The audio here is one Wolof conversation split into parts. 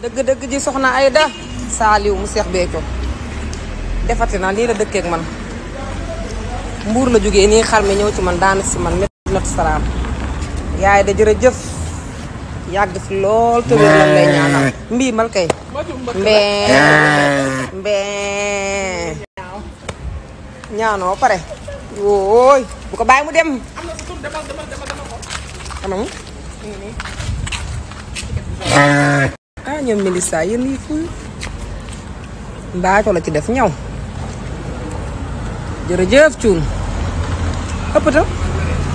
dëgg-dëgg ji soxna Ayda Saaliw mu Seex Béthio defati na lii la dëkkeek man mbuur la jógee nii xar mi ñëw ci man daana si man ménat salaam yaay da jërëjëf yàgg fi lool te wér lan ñaanoo pare wooy bu ko bàyyi mu dem ñoom Mélissa yéen yi fuy mbaato la ci def ñaw jërëjëf cuun ëpp ta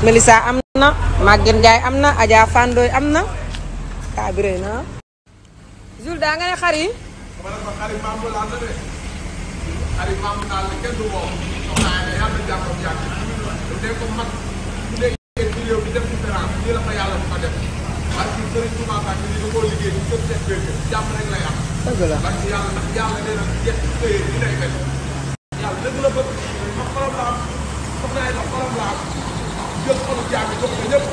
Mélissa am na Maguette Ndiaye am na Adja Fandoy am na kaa bi rëy na daa nga ne xar yi jàmm rek lay am. dëgg la ndax yàlla ndax yàlla nee na jeex xëy na day mel. yàlla dëgg la bëgg ma xolam la am soxna yi nag xolam la am jël xolu jaam yi jox ko ñëpp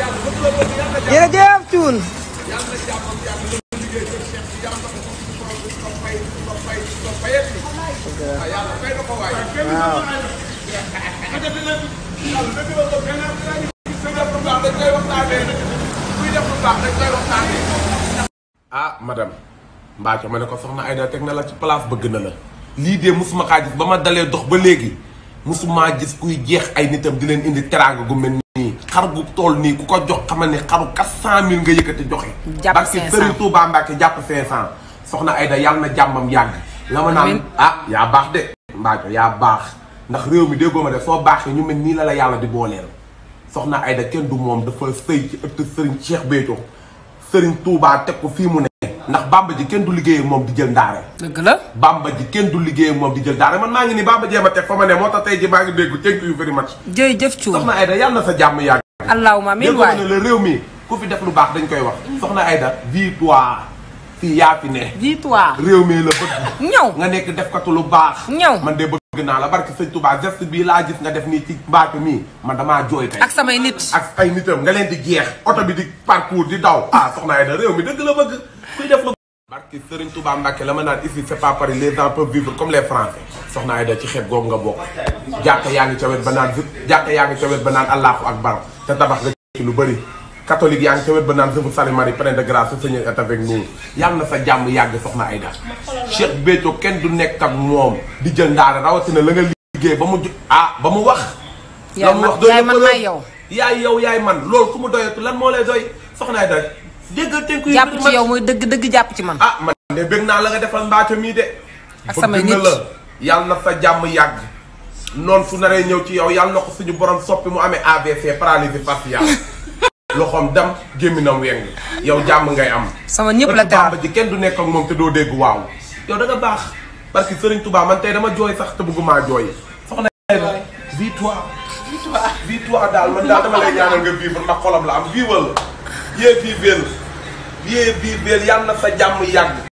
yàlla dëgg la bëgg yàlla jàmm. jërëjëf Thioune. yàlla na jàmm ak yàlla na liggéey kër Cheikh bi yàlla na ko suñu borom di ko fay di ko fay di ko fayet bi. waaw yàlla fay na ko waaye. waaw. yàlla dëgg la bëgg. dañ koy waxtaanee kuy def lu baax dañ koy waxtaanee. ah madame Mbacke ma ne ko soxna Aida teg na la ci place bëgg na la lii de musuma kaa gis ba ma dalee dox ba léegi mësuma gis kuy jeex ay nitam di leen indi teraanga gu mel nii xar gu tool nii ku ko jox xamal ne xaru 400000 nga yëkkati joxe. jàpp 500 parce que Serigne Touba Mbacke jàpp 500 soxna Aida yàlla na jàmmam yàgg. la ma naan ah yaa baax de. Mbacke yaa baax ndax réew mi déggoo ma de soo baaxee ñu mel nii la la yàlla di booleel soxna Aida kenn du moom dafa sëy ci ëtt Serigne Cheikh sëriñ Touba teg ko fii mu ne. ndax bamba ji kenn du liggéey ak moom di jël ndaare. dëgg di jël ndaare man maa ngi ni bamba jee ma teg fa ma ne moo tax tey ji maa ngi dégg thank you very much. jërëjëf Thioune soxna Aida yàlla na sa jàmm yàgg. allahumma amiin waay ne la réew mi ku fi def lu baax dañ koy wax. soxna Aida victoire. fii yaa fi ne. victoire réew mi la bëgg. ñëw nga nekk def katu lu baax. ñëw man de bëgg naa la barki sëñ Touba geste bii laa gis nga def nii ci mbaatu mii man damaa jooy tey. ak samay nit ak ay nitam nga leen di jeex oto bi di parcours di daw ah soxna Aida réew mi dëgg la bëgg kuy def la. barki Serigne Touba Mbacké la ma naan ici c'est pas Paris les gens peuvent vivre comme les Français soxna Aida ci xeet googu nga bokk jàkka yaa ngi ca wet ba naan jàkka yaa ngi ca wet ba naan ak akbar te tabax nga ci lu bëri. catholique yaa ngi ca ba naan je vous salue Marie pleine de grâce le Seigneur avec nous yàlla na sa jàmm yàgg soxna Aïda Cheikh Béthio kenn du nekk ak moom di jël ndaa rawatina la nga liggéey ba mu ah ba mu wax la mu yow yaay yow yaay man loolu ku mu doyatu lan moo lay doy soxna Aïda déggal tënku yi jàpp ci yow mooy dëgg dëgg jàpp ci man ah man de bëgg naa la nga defal mbaaco mii de ak sama nit la yàlla na sa jàmm yàgg noonu su naree ñëw ci yow yàlla na ko suñu borom soppi mu amee AVC paralysé faciale loxoom dam gémminam weng yow jàmm ngay am. sama ñëpp la taal ji kenn du nekk ak moom te doo dégg waaw. yow da baax parce que Serigne Touba man tey dama jooy sax te maa jooy. soxna Ayba victoire. victoire victoire daal man daal dama lay ñaanal nga vivre ndax xolam la am viiwal yéen viiveel yéen viiveel yàlla na sa jàmm yàgg.